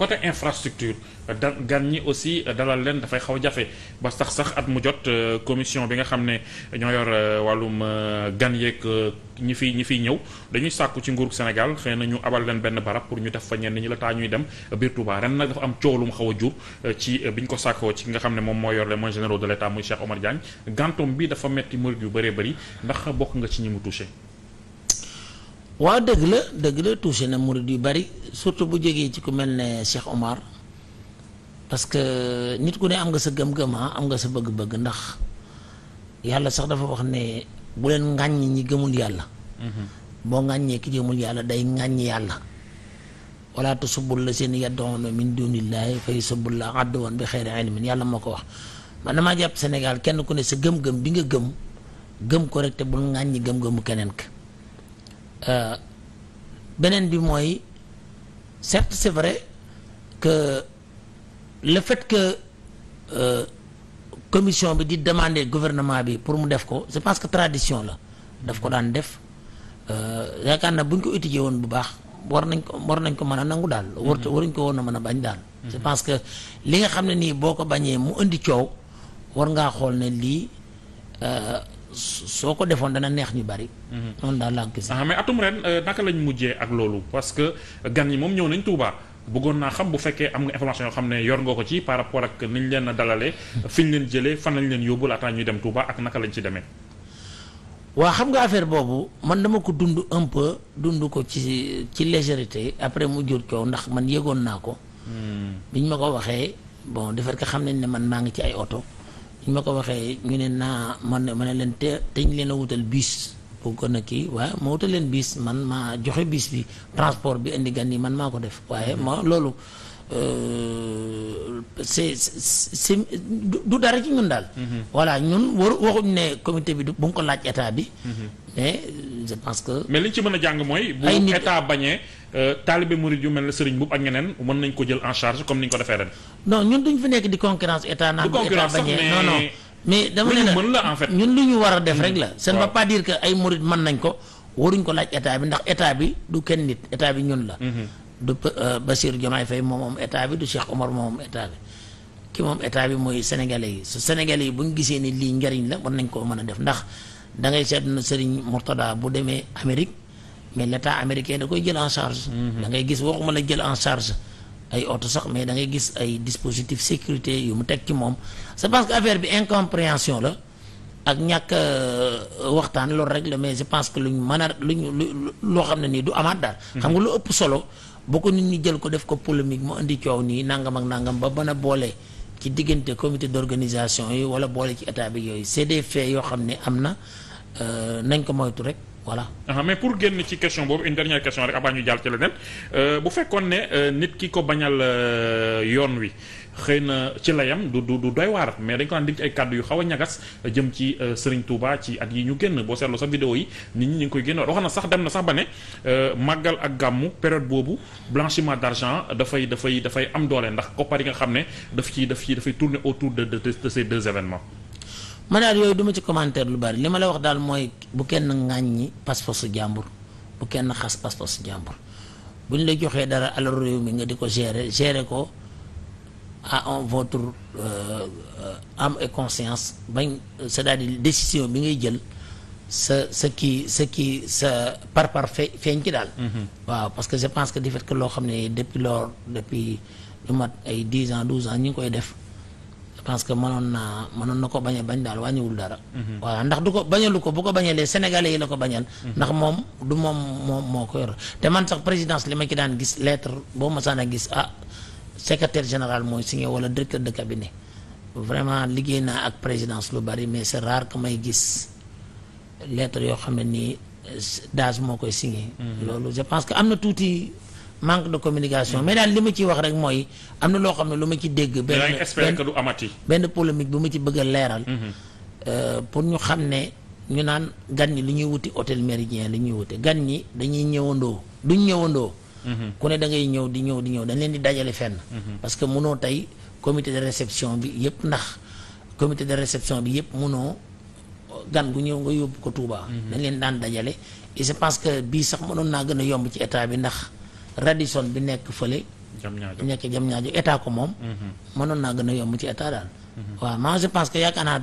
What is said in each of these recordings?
côté infrastructure da gan ñi aussi dalal leen dafay xaw jafe ba tax sax at mu jot euh, commission bi nga xam ne ñoo yor euh, wàllum euh, gan yeeg ñi fi ñi fi ñëw dañuy sàkku ci nguurug Sénégal xëy ñu abal leen benn barab pour ñu def fa ñeen ñi la taa ñuy dem biir Touba ren nag dafa am coow lu mu xaw a jur ci bi ñu ko sàkkoo ci nga xam ne moom mooy yor les moyens généraux de l'État muy Cheikh Omar Diagne gantom bi dafa metti mër yu bëree bëri ndax bokk nga ci ñi mu touché. waaw dëgg surtout bu jógee ci ku mel ne Cheikh Omar parce que nit ku ne am nga sa gëm-gëm ah am nga sa bëgg-bëgg ndax yàlla sax dafa wax ne bu leen ŋàññi ñi gëmul yàlla. Mhm. boo ŋàññee ki gëmul yàlla day ŋàññi yàlla. wala tusubbul la seen yaddoona min dunillahi fa yusubbu la adwan bi xeyri ilmin yàlla moo ko wax man damaa jàpp Sénégal kenn ku ne sa gëm-gëm bi nga gëm gëm ko rek te bul ŋàññi gëm-gëmu keneen ka euh, beneen bi mooy. certes c'est vrai que le fait que euh, commission bi di demander gouvernement bi pour mu def ko je pense que tradition la daf ko daan def euh, yaakaar na bu ñu ko étudier woon bu baax war nañ ko war nañ ko mën a nangu daal. war mhm. waruñ ko woon a mën a bañ daal. je mhm. pense li nga xam ne nii boo ko bañee mu indi coow war ngaa xool ne lii. Euh, soo ko defoon dana neex ñu bari. Mhm. noonu daal laa gis. ah mais atum ren euh, naka lañ mujjee ak loolu parce que gan ñi moom ñëw nañ Touba bëggoon naa xam bu fekkee am nga information yoo xam ne yor nga ko ci par rapport ak ni ñu leen a dalalee. fi ñu leen jëlee fan lañ leen dem Touba ak naka lañ ci demee. waa xam nga affaire boobu man dama ko dund un peu dund ko ci ci légèreté après mu jur coow ndax man yëgoon naa ko. Hmm. biñ ma ko waxee bon defar ko xam nañ ne man maa ngi ci ay oto. ñu ma ko waxee ñu ne naa man ne ma ne leen te ñu leen a wutal biis bu gën a kii waaye ma wutal leen biis man maa joxe biis bi transport bi indi gan yi man maa ko def waaye ma loolu euh, c'est du dara ci ñun daal mm-hmm. voilà ñun waru waxuñ ne comité bi bu nga ko laaj état bi mm-hmm. mais je pense que mais liñ ci mën a jàng mooy bu état bañee Euh, taalibe murid yu mel ne sëriñ bu ak ñeneen mën nañ ko jël en charge comme ni ñu ko defee ren. non ñun duñ fi nekk di concurrence état naan ko état bañee non non mais dama ñun lu ñu war a def rek la ça ne va ay murid mën nañ ko waruñ ko laaj état bi ndax état bi du kenn nit état bi ñun la mhm. du euh, Bassirou Diomaye Faye moom moom état bi du Cheikh Omar moom moom état bi ki moom état bi mooy sénégalais yi su sénégalais yi bu ñu gisee ni lii njariñ la war nañ koo mën a def ndax da ngay seetlu na Serigne Mourtada bu demee Amérique mais l' état américain da koy jël en charge. Mhm. da ngay gis waxuma la jël en charge ay oto sax mais dangay gis ay dispositif sécurité yu mu teg ci moom c' est parce que affaire bi incompréhension la ak ñàkk euh, waxtaan loolu rek la mais je pense que luñ mën a luñ loo xam ne nii du amaat daal. Mhm. xam nga lu ëpp solo boo ko nit ñi jël ko def ko polémique mu indi coow nii nangam ak nangam ba mën a boole ci diggante commité d' organisation yi wala boole ci état bi yooyu est des faits yoo xam ne am na euh, nañ ko moytu rek. voilà. ah mais pour génn ci question boobu une dernière question rek avant ñu jàll ci leneen euh, bu fekkoon ne euh, nit ki ko bañal euh, yoon wi xëy na ci layam du du du doy waar mais dañ ko daan dig ci ay kàddu yu xaw a ñagas jëm ci Serigne Touba ci at yi ñu génn boo seetloo sa vidéo yi nit ñi ñu ngi koy génn wax na sax dem na sax ba ne màggal ak gàmmu période boobu blanchiment d'argent dafay dafay dafay am doole ndax koppar yi nga xam ne daf ci daf ci dafay tourner autour de de de ces deux événements. ma yooyu duma ci commentaire lu bari li ma la wax daal mooy bu kenn ŋàññi pas su jàmbur bu kenn xas pas-pasu jàmbur bu ñu la joxee dara alal réew mi nga di ko gérer gérer ko à un votre euh, âme et conscience bañ c'est-à-dire décision bi ngay jël sa sa kii sa kii sa par par fe feeñ ci daal mhm. waaw parce que je pense que du fait que loo xam ne depuis lors depuis lu mat ay dix ans douze ans ñu ngi koy def je pense que mënoon naa mënoon na ko bañ a bañ daal wàññiwul dara. voilà mhm. ndax du ko bañalu ko bu ko bañalee sénégalais yi la ko bañal. Mhm. ndax moom du moom moom moo ko yor te man sax présidence li ma ci daan gis lettre boo ma saan a gis ah secretaire général mooy signé wala directeur de cabinet vraiment liggéey naa ak présidence lu bari mais c'est rare que may gis lettre yoo xam ne nii daas moo koy signé. Mhm. loolu je que am na tuuti. manque de communication mais daal li ma ciy wax rek mooy am na loo xam ne lu ma ci dégg. benn benn polémique bu ma ci bëgg a leeral. Mhm. Euh, pour ñu xam ne ñu naan gan ñi li ñuy wuti hôtel méridien li ñuy wuti gan ñi dañuy ñëwandoo duñ ñëwandoo. Mhm. ku ne da ngay ñëw di ñëw di ñëw dañ leen di dajale fenn. Mhm. parce que munoo tey comité de réception bi yëpp ndax comité de réception bi yëpp mënoo gan gu ñëw nga yóbbu ko Touba. dañ leen daan dajale et c'est parce que bii sax mënoon naa gën a yomb ci état bi ndax. Radisson bi nekk fële. Diamniadio jam Diamniadio état ko moom. Mhm. mënoon naa gën a yomb ci état daal. Mhm. waaw man je pense que yaakaar naa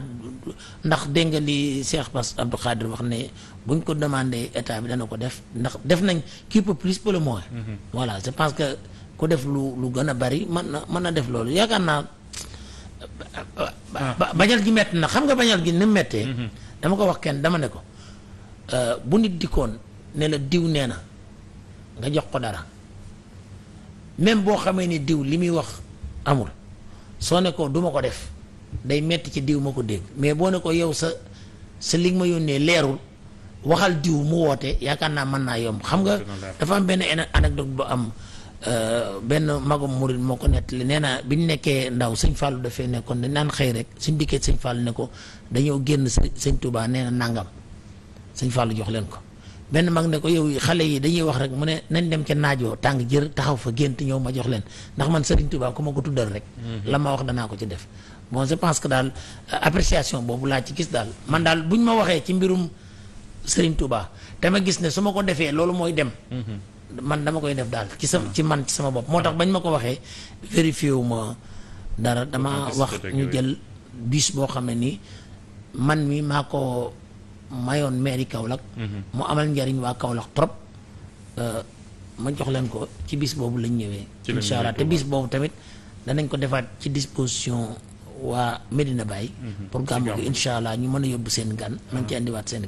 ndax dégg nga li Cheikh Bass Abdou Khadir wax ne buñ ko demandé état bi dana ko def ndax def nañ qui peut plus peut le moins. Mhm. voilà je pense que ku def lu lu gën a bari mën na mën na def loolu yaakaar naa ah. bañal gi metti na xam nga bañal gi ni mu dama ko wax kenn dama ne ko euh, bu nit dikkoon ne la diw nee na nga jox ko dara. même boo xamee ne diw li muy wax amul soo ne ko du ko def day metti ci diw ma ko dégg mais boo ne ko yow sa sa li ma yónnee leerul waxal diw mu woote yaakaar naa mën naa yomb xam nga dafa am benn anecdote bu am euh, benn magum murid moo ko nettali nee na bi ñu nekkee ndaw sëñ Fallou dafee nekkoon dañ naan xëy rek suñ dikkee sëñ Fallou ne ko dañoo génn sëñ Touba nee na nangam sëñ Fallou jox leen ko benn mag ne ko yow xale yi dañuy wax rek mu ne nañ dem ca naajoo tàng jër taxaw fa gént ñëw ma jox leen ndax man Serigne Touba ku ma ko tuddal rek. Mhm. la ma wax danaa ko ci def. bon je pense daal appréciation boobu laa ci gis daal man daal buñ ma waxee ci mbirum Serigne Touba te ma gis ne su ma ko defee loolu mooy dem. Mhm. man dama koy def daal ci sa ah. ci man ci sama bopp moo tax bañ ma ko waxee vérifié wu ma dara dama wax ñu jël bis boo xam ne nii man mi maa ko. mayoon mairie Kaolack. Mhm. mu amal njariñ waa Kaolack trop. Euh, ma jox leen ko ci bis boobu lañ ñëwee. incha allah te bis boobu tamit danañ ko defaat ci disposition waa Medina Baye. Mhm. pour gàmmu gi incha allah ñu mën a yóbbu seen gan. mën mhm. ci andiwaat seen